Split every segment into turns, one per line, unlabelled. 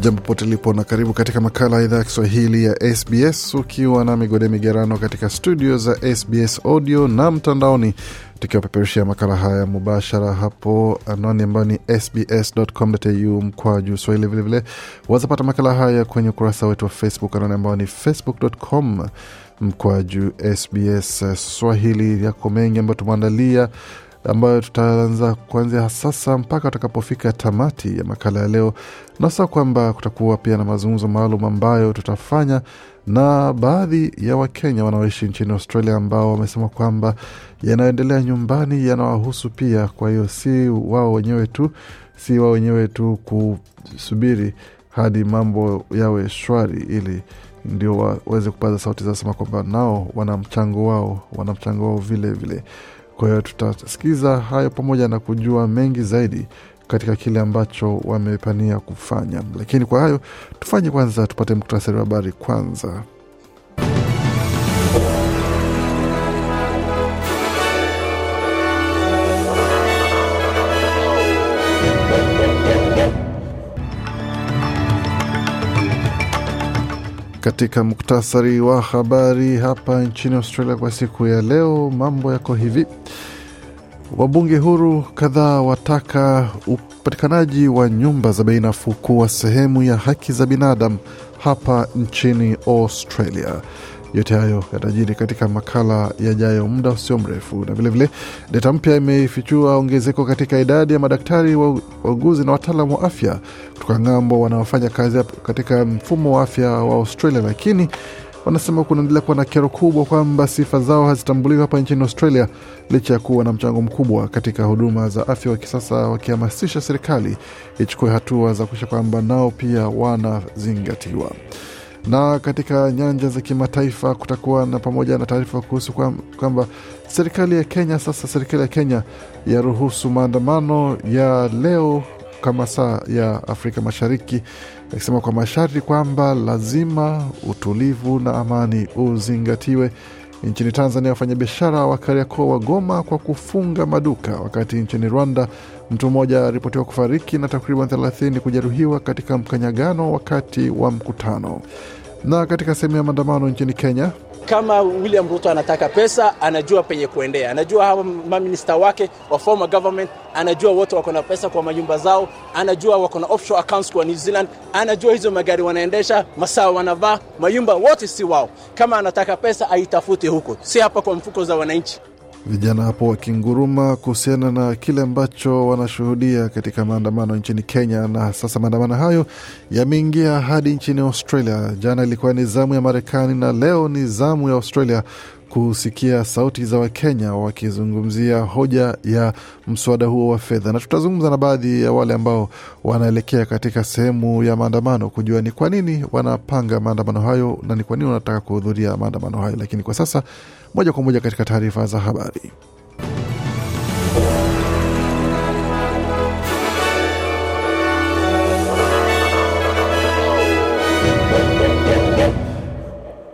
Jambo pote lipo na karibu katika makala ya idhaa ya Kiswahili ya SBS ukiwa na migode migerano katika studio za SBS audio na mtandaoni, tukiwapeperushia makala haya mubashara hapo anwani ambayo ni sbs.com.au juu swahili. Vilevile wazapata makala haya kwenye ukurasa wetu wa Facebook, anwani ambayo ni facebook.com juu sbs swahili. Yako mengi ambayo tumeandalia ambayo tutaanza kuanzia sasa mpaka utakapofika tamati ya makala ya leo, nasa kwamba kutakuwa pia na mazungumzo maalum ambayo tutafanya na baadhi ya Wakenya wanaoishi nchini Australia ambao wamesema kwamba yanayoendelea nyumbani yanawahusu pia. Kwa hiyo si wao wenyewe tu, si wao wenyewe tu kusubiri hadi mambo yawe shwari ili ndio waweze kupaza sauti zasema kwamba nao wana mchango wao, wana mchango wao vile vile. Kwa hiyo tutasikiza hayo pamoja na kujua mengi zaidi katika kile ambacho wamepania kufanya, lakini kwa hayo tufanye kwanza, tupate muktasari wa habari kwanza. Katika muktasari wa habari hapa nchini Australia kwa siku ya leo, mambo yako hivi. Wabunge huru kadhaa wataka upatikanaji wa nyumba za bei nafuu kuwa sehemu ya haki za binadamu hapa nchini Australia. Yote hayo yatajiri katika makala yajayo muda usio mrefu, na vilevile data mpya imefichua ongezeko katika idadi ya madaktari, wauguzi na wataalam wa afya kutoka ng'ambo wanaofanya kazi katika mfumo wa afya wa Australia, lakini wanasema kunaendelea kuwa na kero kubwa kwamba sifa zao hazitambuliwi hapa nchini Australia licha ya kuwa na mchango mkubwa katika huduma za afya wa kisasa, wakihamasisha serikali ichukue hatua za kuisha kwamba nao pia wanazingatiwa. Na katika nyanja za kimataifa kutakuwa na pamoja na taarifa kuhusu kwamba serikali ya Kenya sasa, serikali ya Kenya yaruhusu maandamano ya leo kama saa ya Afrika Mashariki, akisema kwa masharti kwamba lazima utulivu na amani uzingatiwe. Nchini Tanzania, wafanyabiashara wa Kariakoo wagoma kwa kufunga maduka, wakati nchini Rwanda Mtu mmoja aripotiwa kufariki na takriban 30 kujeruhiwa katika mkanyagano wakati wa mkutano. Na katika sehemu ya maandamano nchini Kenya, kama William Ruto anataka pesa, anajua penye kuendea, anajua hawa maminista wake wa former government, anajua wote wako na pesa kwa manyumba zao, anajua wako na offshore accounts kwa New Zealand, anajua hizo magari wanaendesha, masaa wanavaa, mayumba wote si wao. Kama anataka pesa aitafute huko, si hapa kwa mfuko za wananchi. Vijana hapo wakinguruma kuhusiana na kile ambacho wanashuhudia katika maandamano nchini Kenya, na sasa maandamano hayo yameingia hadi nchini Australia. Jana ilikuwa ni zamu ya Marekani na leo ni zamu ya Australia kusikia sauti za Wakenya wakizungumzia hoja ya mswada huo wa fedha, na tutazungumza na baadhi ya wale ambao wanaelekea katika sehemu ya maandamano kujua ni kwa nini wanapanga maandamano hayo na ni kwa nini wanataka kuhudhuria maandamano hayo. Lakini kwa sasa, moja kwa moja katika taarifa za habari.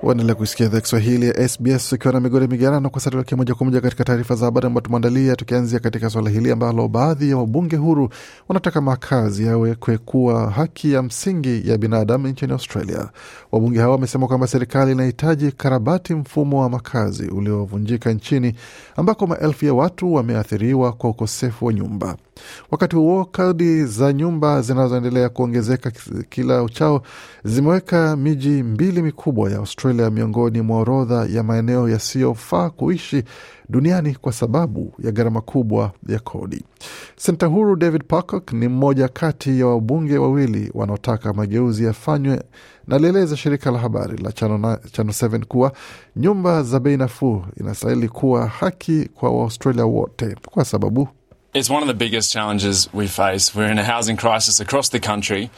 Waendelea kuisikia idhaa Kiswahili ya SBS ukiwa na migore migarano kwa satolkia moja kwa moja katika taarifa za habari ambayo tumeandalia, tukianzia katika suala hili ambalo baadhi ya wabunge huru wanataka makazi yawekwe kuwa haki ya msingi ya binadamu nchini Australia. Wabunge hawa wamesema kwamba serikali inahitaji karabati mfumo wa makazi uliovunjika nchini ambako maelfu ya watu wameathiriwa kwa ukosefu wa nyumba. Wakati huo, kadi za nyumba zinazoendelea kuongezeka kila uchao zimeweka miji mbili mikubwa ya Australia miongoni mwa orodha ya maeneo yasiyofaa kuishi duniani kwa sababu ya gharama kubwa ya kodi. Senta huru David Pocock ni mmoja kati ya wabunge wawili wanaotaka mageuzi yafanywe, na alieleza shirika la habari la Channel 7 kuwa nyumba za bei nafuu inastahili kuwa haki kwa Waaustralia wote kwa sababu It's one of the biggest challenges we face. We're in a housing crisis across the country.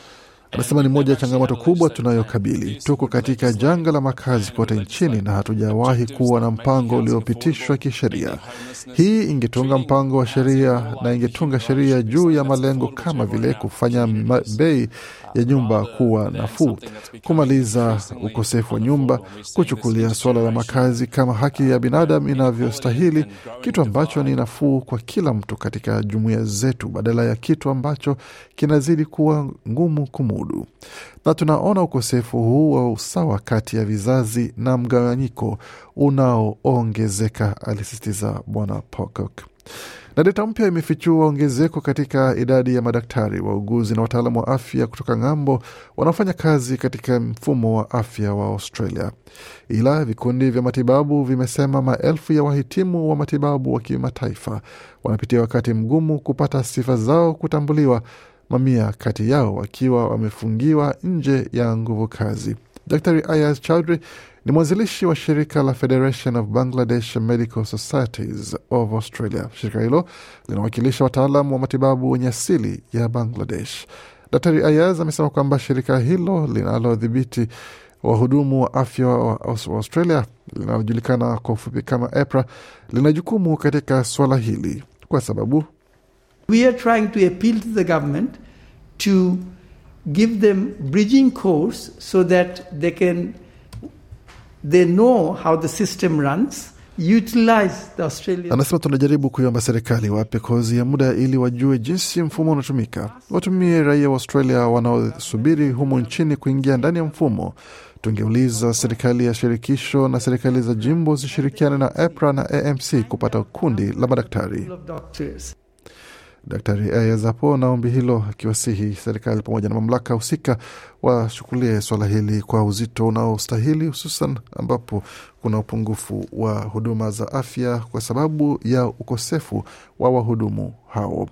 Anasema ni moja ya changamoto kubwa tunayokabili. Tuko katika janga la makazi kote nchini na hatujawahi kuwa na mpango uliopitishwa kisheria. Hii ingetunga mpango wa sheria na ingetunga sheria juu ya malengo kama vile kufanya bei ya nyumba kuwa nafuu, kumaliza ukosefu wa nyumba, kuchukulia suala la makazi kama haki ya binadamu inavyostahili, kitu ambacho ni nafuu kwa kila mtu katika jumuiya zetu, badala ya kitu ambacho kinazidi kuwa ngumu kumudu. Na tunaona ukosefu huu wa usawa kati ya vizazi na mgawanyiko unaoongezeka, alisisitiza Bwana Pocock. Na data mpya imefichua ongezeko katika idadi ya madaktari, wauguzi na wataalamu wa afya kutoka ng'ambo wanaofanya kazi katika mfumo wa afya wa Australia. Ila vikundi vya matibabu vimesema maelfu ya wahitimu wa matibabu wa kimataifa wanapitia wakati mgumu kupata sifa zao kutambuliwa, mamia kati yao wakiwa wamefungiwa nje ya nguvu kazi. Dr. Ayaz Chowdhury ni mwanzilishi wa shirika la Federation of Bangladesh Medical Societies of Australia. Shirika hilo linawakilisha wataalam wa matibabu wenye asili ya Bangladesh. Daktari Ayaz amesema kwamba shirika hilo linalodhibiti wahudumu wa afya wa Australia linalojulikana kwa ufupi kama EPRA lina jukumu katika swala hili kwa sababu We are trying to appeal to the government to give them bridging course so that they can They know how the system runs. Anasema tunajaribu kuiomba serikali wape kozi ya muda ili wajue jinsi mfumo unatumika, watumie raia wa Australia wanaosubiri humu nchini kuingia ndani ya mfumo. Tungeuliza serikali ya shirikisho na serikali za jimbo zishirikiane na epra na AMC kupata kundi la madaktari. Daktari Ayazapo na ombi hilo, akiwasihi serikali pamoja na mamlaka husika washukulie swala hili kwa uzito unaostahili, hususan ambapo kuna upungufu wa huduma za afya kwa sababu ya ukosefu wa wahudumu hao.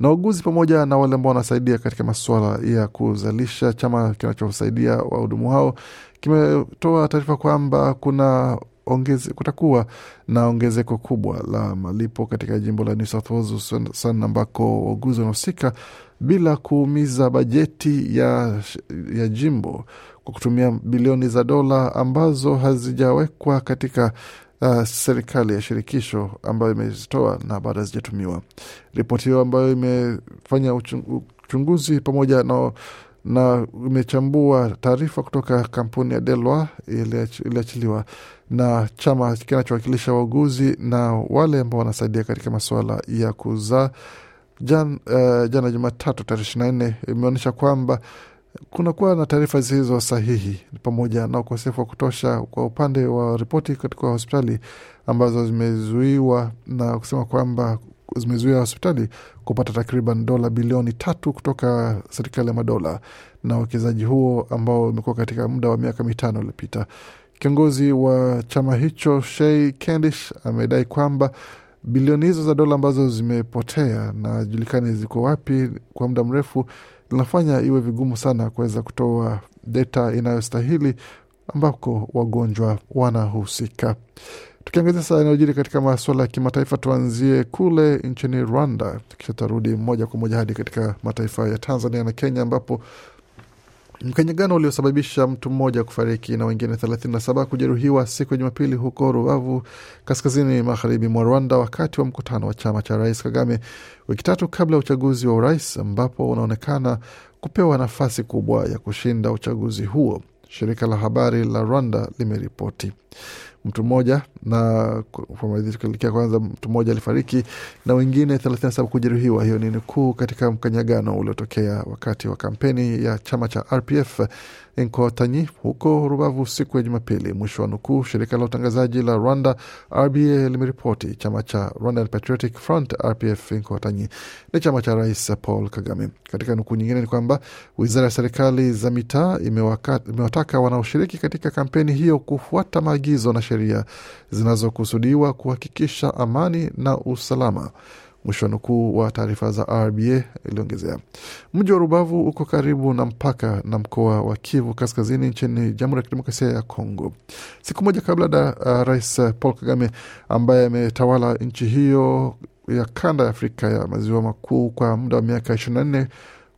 Na wauguzi pamoja na wale ambao wanasaidia katika masuala ya kuzalisha, chama kinachosaidia wahudumu hao kimetoa taarifa kwamba kuna ongeze, kutakuwa na ongezeko kubwa la malipo katika jimbo la New South Wales hususan ambako wauguzi wanahusika bila kuumiza bajeti ya, ya jimbo kwa kutumia bilioni za dola ambazo hazijawekwa katika Uh, serikali ya shirikisho ambayo imezitoa na bado hazijatumiwa. Ripoti hiyo ambayo imefanya uchunguzi pamoja na, na imechambua taarifa kutoka kampuni ya Delwa iliachiliwa na chama kinachowakilisha wauguzi na wale ambao wanasaidia katika masuala ya kuzaa Jan, uh, jana Jumatatu tarehe ishirini na nne imeonyesha kwamba kunakuwa na taarifa zisizo sahihi pamoja na ukosefu wa kutosha kwa upande wa ripoti katika hospitali ambazo zimezuiwa na kusema kwamba zimezuia hospitali kupata takriban dola bilioni tatu kutoka serikali ya madola na uwekezaji huo ambao umekuwa katika muda wa miaka mitano iliyopita. Kiongozi wa chama hicho Shay Kendish amedai kwamba bilioni hizo za dola ambazo zimepotea na julikani ziko wapi kwa muda mrefu linafanya iwe vigumu sana kuweza kutoa data inayostahili ambako wagonjwa wanahusika. Tukiangazia sasa yanayojiri katika masuala ya kimataifa, tuanzie kule nchini Rwanda, kisha tarudi moja kwa moja hadi katika mataifa ya Tanzania na Kenya ambapo Mkanyagano uliosababisha mtu mmoja kufariki na wengine 37 kujeruhiwa siku ya Jumapili huko Rubavu, kaskazini magharibi mwa Rwanda, wakati wa mkutano wa chama cha Rais Kagame wiki tatu kabla ya uchaguzi wa urais, ambapo unaonekana kupewa nafasi kubwa ya kushinda uchaguzi huo, shirika la habari la Rwanda limeripoti mtu mmoja na tukielekea kwanza, mtu mmoja alifariki na wengine 37 kujeruhiwa. Hiyo ni nukuu katika mkanyagano uliotokea wakati wa kampeni ya chama cha RPF Nkotanyi huko Rubavu siku ya Jumapili. Mwisho wa nukuu. Shirika la utangazaji la Rwanda RBA limeripoti chama cha Rwandan Patriotic Front RPF Nkotanyi ni chama cha Rais Paul Kagame. Katika nukuu nyingine ni kwamba wizara ya serikali za mitaa imewataka wanaoshiriki katika kampeni hiyo kufuata maagizo na sheria zinazokusudiwa kuhakikisha amani na usalama. Mwisho wa nukuu wa taarifa za RBA iliongezea. Mji wa Rubavu uko karibu na mpaka na mkoa wa Kivu Kaskazini nchini Jamhuri ya Kidemokrasia ya Kongo. Siku moja kabla da uh, Rais Paul Kagame ambaye ametawala nchi hiyo ya kanda ya Afrika ya maziwa makuu kwa muda wa miaka ishirini na nne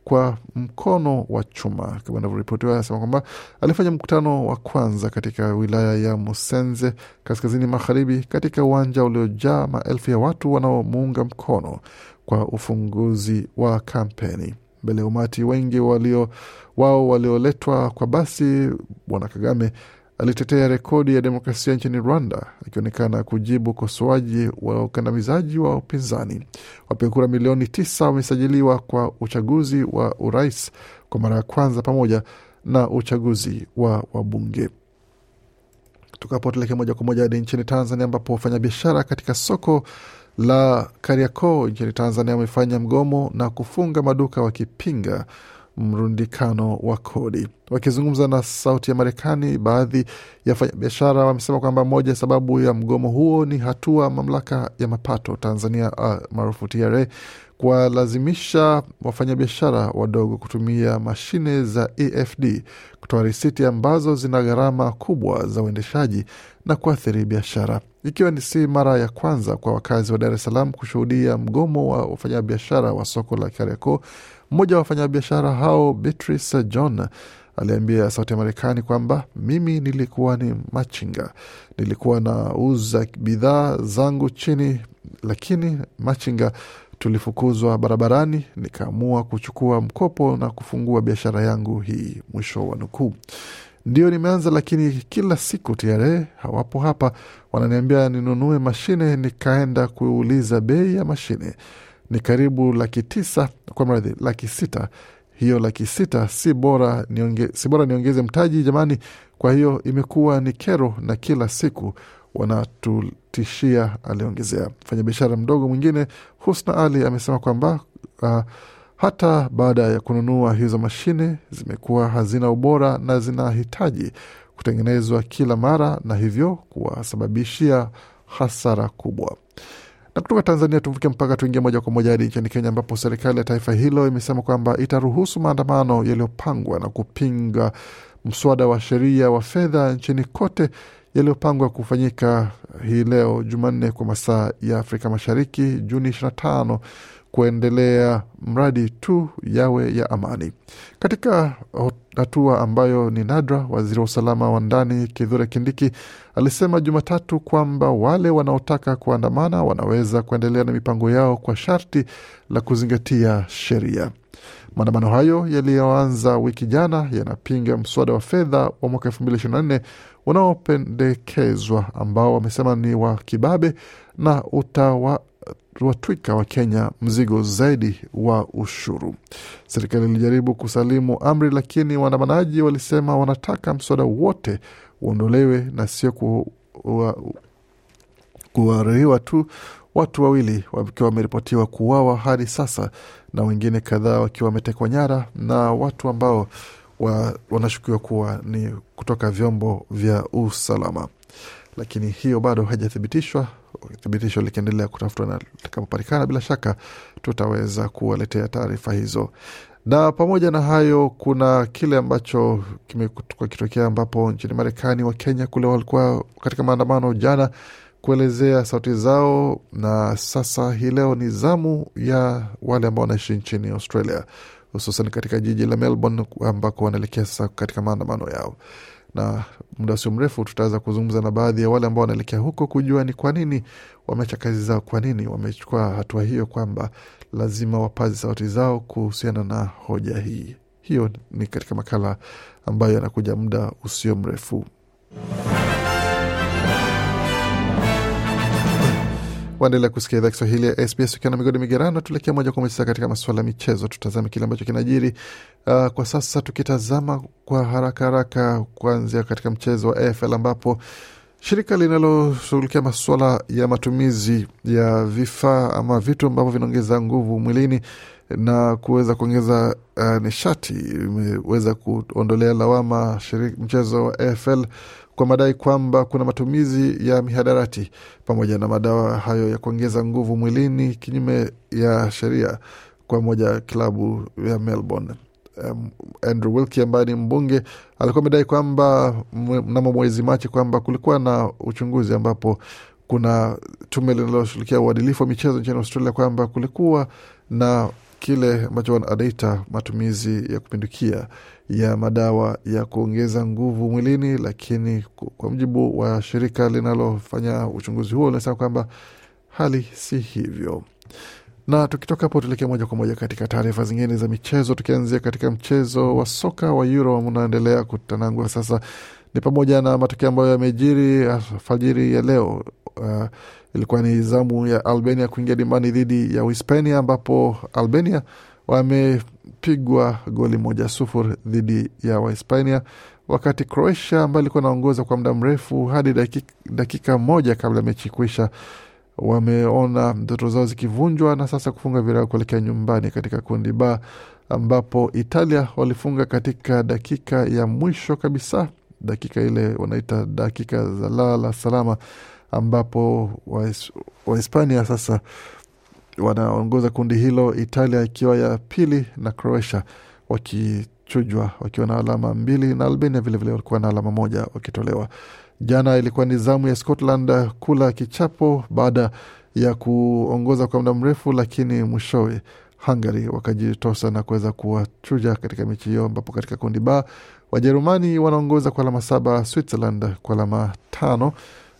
kwa mkono wa chuma kama inavyoripotiwa. Anasema kwamba alifanya mkutano wa kwanza katika wilaya ya Musenze kaskazini magharibi, katika uwanja uliojaa maelfu ya watu wanaomuunga mkono kwa ufunguzi wa kampeni mbele ya umati wengi walio wao walioletwa kwa basi Bwana Kagame alitetea rekodi ya demokrasia nchini Rwanda, akionekana kujibu ukosoaji wa ukandamizaji wa upinzani. Wapiga kura milioni tisa wamesajiliwa kwa uchaguzi wa urais kwa mara ya kwanza pamoja na uchaguzi wa wabunge. Tukapotelekea moja kwa moja hadi nchini Tanzania, ambapo wafanyabiashara katika soko la Kariakoo nchini Tanzania wamefanya mgomo na kufunga maduka wakipinga mrundikano wa kodi. Wakizungumza na Sauti ya Marekani, baadhi ya wafanyabiashara wamesema kwamba moja sababu ya mgomo huo ni hatua mamlaka ya mapato Tanzania uh, maarufu TRA kuwalazimisha wafanyabiashara wadogo kutumia mashine za EFD kutoa risiti ambazo zina gharama kubwa za uendeshaji na kuathiri biashara ikiwa ni si mara ya kwanza kwa wakazi wa Dar es Salaam kushuhudia mgomo wa wafanyabiashara wa soko la Kariakoo. Mmoja wa wafanyabiashara hao Beatrice John aliambia Sauti ya Marekani kwamba mimi nilikuwa ni machinga, nilikuwa nauza bidhaa zangu chini, lakini machinga tulifukuzwa barabarani, nikaamua kuchukua mkopo na kufungua biashara yangu hii. Mwisho wa nukuu ndio nimeanza, lakini kila siku TRA hawapo hapa, wananiambia ninunue mashine. Nikaenda kuuliza bei ya mashine ni karibu laki tisa, kwa mradhi laki sita. Hiyo laki sita si bora nionge, si bora niongeze mtaji jamani. Kwa hiyo imekuwa ni kero na kila siku wanatutishia, aliongezea. Mfanyabiashara mdogo mwingine Husna Ali amesema kwamba uh, hata baada ya kununua hizo mashine, zimekuwa hazina ubora na zinahitaji kutengenezwa kila mara na hivyo kuwasababishia hasara kubwa. Na kutoka Tanzania tuvuke mpaka tuingie moja kwa moja hadi nchini Kenya, ambapo serikali ya taifa hilo imesema kwamba itaruhusu maandamano yaliyopangwa na kupinga mswada wa sheria wa fedha nchini kote yaliyopangwa kufanyika hii leo Jumanne kwa masaa ya Afrika Mashariki, Juni 25 kuendelea mradi tu yawe ya amani. Katika hatua ambayo ni nadra, waziri wa usalama wa ndani Kithure Kindiki alisema Jumatatu kwamba wale wanaotaka kuandamana wanaweza kuendelea na mipango yao kwa sharti la kuzingatia sheria. Maandamano hayo yaliyoanza wiki jana yanapinga mswada wa fedha wa mwaka nne unaopendekezwa ambao wamesema ni wa kibabe na utawa watwika wa Kenya mzigo zaidi wa ushuru. Serikali ilijaribu kusalimu amri, lakini waandamanaji walisema wanataka mswada wote uondolewe na sio kuwarehiwa tu. Watu wawili wakiwa wameripotiwa kuuawa hadi sasa na wengine kadhaa wakiwa wametekwa nyara na watu ambao wa, wanashukiwa kuwa ni kutoka vyombo vya usalama, lakini hiyo bado haijathibitishwa thibitisho likiendelea kutafutwa na litakapopatikana, bila shaka tutaweza kuwaletea taarifa hizo. Na pamoja na hayo, kuna kile ambacho kimekuwa kitokea ambapo nchini Marekani Wakenya kule walikuwa katika maandamano jana kuelezea sauti zao, na sasa hii leo ni zamu ya wale ambao wanaishi nchini Australia, hususan katika jiji la Melbourne ambako wanaelekea sasa katika maandamano yao na muda sio mrefu tutaweza kuzungumza na baadhi ya wale ambao wanaelekea huko kujua ni kwa nini wameacha kazi zao, kwa nini wamechukua hatua hiyo, kwamba lazima wapaze sauti zao kuhusiana na hoja hii. Hiyo ni katika makala ambayo yanakuja muda usio mrefu. Waendelea kusikia idhaa Kiswahili ya SBS ukiwa na migodi migerano. Tuelekea moja kwa moja katika masuala ya michezo, tutazame kile ambacho kinajiri uh, kwa sasa, tukitazama kwa haraka haraka kuanzia katika mchezo wa AFL ambapo shirika linaloshughulikia masuala ya matumizi ya vifaa ama vitu ambavyo vinaongeza nguvu mwilini na kuweza kuongeza uh, nishati imeweza kuondolea lawama mchezo wa AFL kwa madai kwamba kuna matumizi ya mihadarati pamoja na madawa hayo ya kuongeza nguvu mwilini kinyume ya sheria kwa moja klabu ya Melbourne. Um, Andrew Wilkie ambaye ni mbunge alikuwa amedai kwamba mnamo mwezi Machi kwamba kulikuwa na uchunguzi ambapo kuna tume linaloshughulikia uadilifu wa michezo nchini Australia kwamba kulikuwa na kile ambacho anaita matumizi ya kupindukia ya madawa ya kuongeza nguvu mwilini, lakini kwa mjibu wa shirika linalofanya uchunguzi huo linasema kwamba hali si hivyo. Na tukitoka hapo tuelekee moja kwa moja katika taarifa zingine za michezo, tukianzia katika mchezo wa soka wa Euro unaendelea kutanangua sasa, ni pamoja na matokeo ambayo yamejiri alfajiri ya leo. Uh, Ilikuwa ni zamu ya Albania kuingia dimbani dhidi ya Uhispania, ambapo Albania wamepigwa goli moja sufuri dhidi ya Wahispania, wakati Croatia ambayo ilikuwa inaongoza kwa muda mrefu hadi dakika, dakika moja kabla ya mechi kuisha wameona ndoto zao zikivunjwa na sasa kufunga virao kuelekea nyumbani katika kundi ba ambapo Italia walifunga katika dakika ya mwisho kabisa, dakika ile wanaita dakika za lala salama, ambapo Wahispania wa sasa wanaongoza kundi hilo, Italia ikiwa ya pili na Croatia wakichujwa wakiwa na alama mbili na Albania vilevile walikuwa na alama moja wakitolewa. Jana ilikuwa ni zamu ya Scotland kula kichapo baada ya kuongoza kwa muda mrefu, lakini mwishowe Hungary wakajitosa na kuweza kuwachuja katika mechi hiyo, ambapo katika kundi ba Wajerumani wanaongoza kwa alama saba, Switzerland kwa alama tano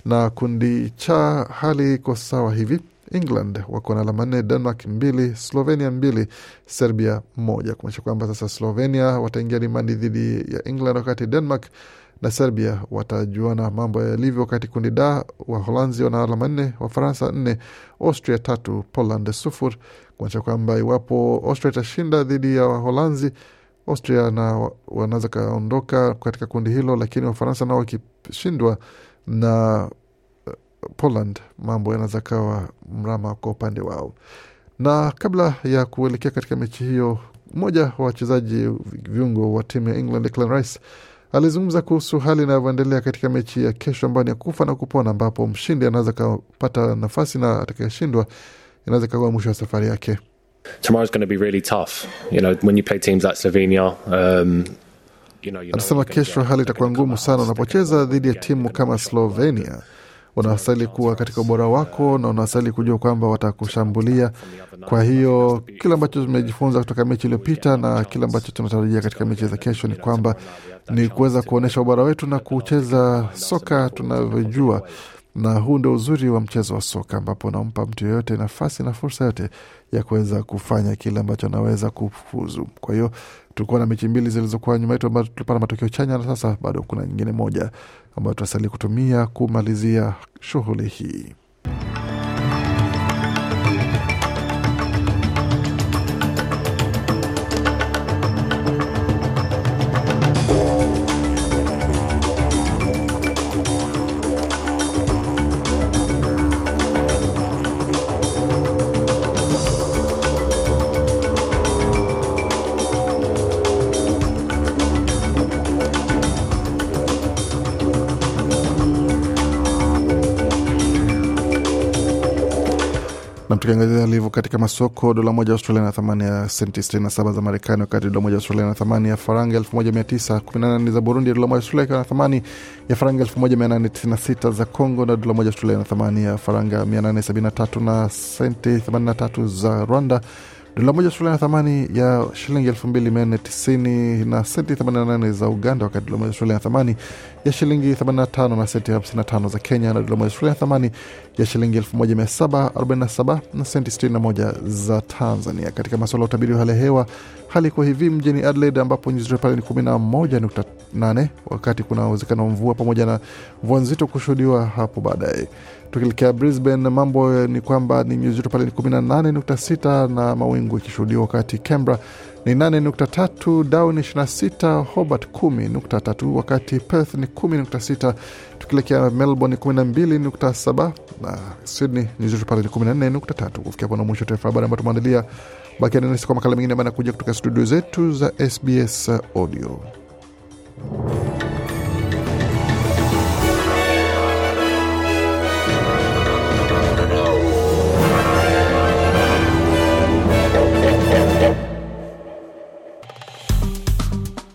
na kundi cha hali iko sawa hivi. England wako na alama nne, Denmark mbili, Slovenia mbili, Serbia moja, kumaanisha kwamba sasa Slovenia wataingia dimandi dhidi ya England, wakati Denmark na Serbia watajuana mambo yalivyo. Wakati kundi da Waholanzi wana alama nne, Wafaransa nne, Austria tatu, Poland sufur kumaanisha kwamba iwapo Austria itashinda dhidi ya Waholanzi Austria na wanaweza kaondoka katika kundi hilo, lakini Wafaransa nao wakishindwa na eh, Poland mambo yanaweza kawa mrama kwa upande wao. Na kabla ya kuelekea katika mechi hiyo, mmoja wa wachezaji viungo wa timu ya England Declan Rice alizungumza kuhusu hali inavyoendelea katika mechi ya kesho ambayo ni ya kufa na kupona, ambapo mshindi anaweza kapata nafasi na atakayeshindwa inaweza kawa mwisho wa safari yake. Tomorrow's going to be really tough. You know, when you play teams like Slovenia, um, Anasema kesho hali itakuwa ngumu sana unapocheza dhidi ya timu kama Slovenia. Unastahili kuwa katika ubora wako na unastahili kujua kwamba watakushambulia. Kwa hiyo kile ambacho tumejifunza kutoka mechi iliyopita na kile ambacho tunatarajia katika mechi za kesho ni kwamba ni kuweza kuonyesha ubora wetu na kucheza soka tunavyojua na huu ndio uzuri wa mchezo wa soka ambapo unampa mtu yeyote nafasi na fursa yote ya kuweza kufanya kile ambacho anaweza kufuzu. Kwa hiyo tulikuwa na mechi mbili zilizokuwa nyuma yetu ambazo tulipata matokeo chanya, na sasa bado kuna nyingine moja ambayo tunasalia kutumia kumalizia shughuli hii. Tukiangazia alivyo katika masoko, dola moja Australia na thamani ya senti 67 za Marekani, wakati dola moja Australia na thamani ya faranga 1918 za Burundi, dola moja Australia ikiwa na thamani ya faranga 1896 za Congo, na dola moja Australia na thamani ya faranga 873 na senti 83 za Rwanda Dola moja Australia na thamani ya shilingi tisini na senti nane za Uganda, wakati dola moja Australia na thamani ya shilingi 85 na senti tano za Kenya, na dola moja Australia na thamani ya shilingi arobaini na senti moja za Tanzania. Katika masuala ya utabiri wa hali ya hewa, hali iko hivi mjini Adelaide ambapo nyuzi joto pale ni 11.8, wakati kuna uwezekano wa mvua pamoja na mvua nzito kushuhudiwa hapo baadaye tukilekea Brisbane, mambo ni kwamba ni nyuzi joto pale ni 18.6 na mawingu ikishuhudiwa, wakati Canberra ni 8.3, Darwin 26, Hobart 10.3, wakati Perth ni 10.6, Tukilekea Melbourne 12.7 na Sydney nyuzi joto pale ni 14.3. Kufikia hapo na mwisho taarifa habari ambayo tumeandalia. Bakia nasi kwa makala mengine ambayo anakuja kutoka studio zetu za SBS Audio.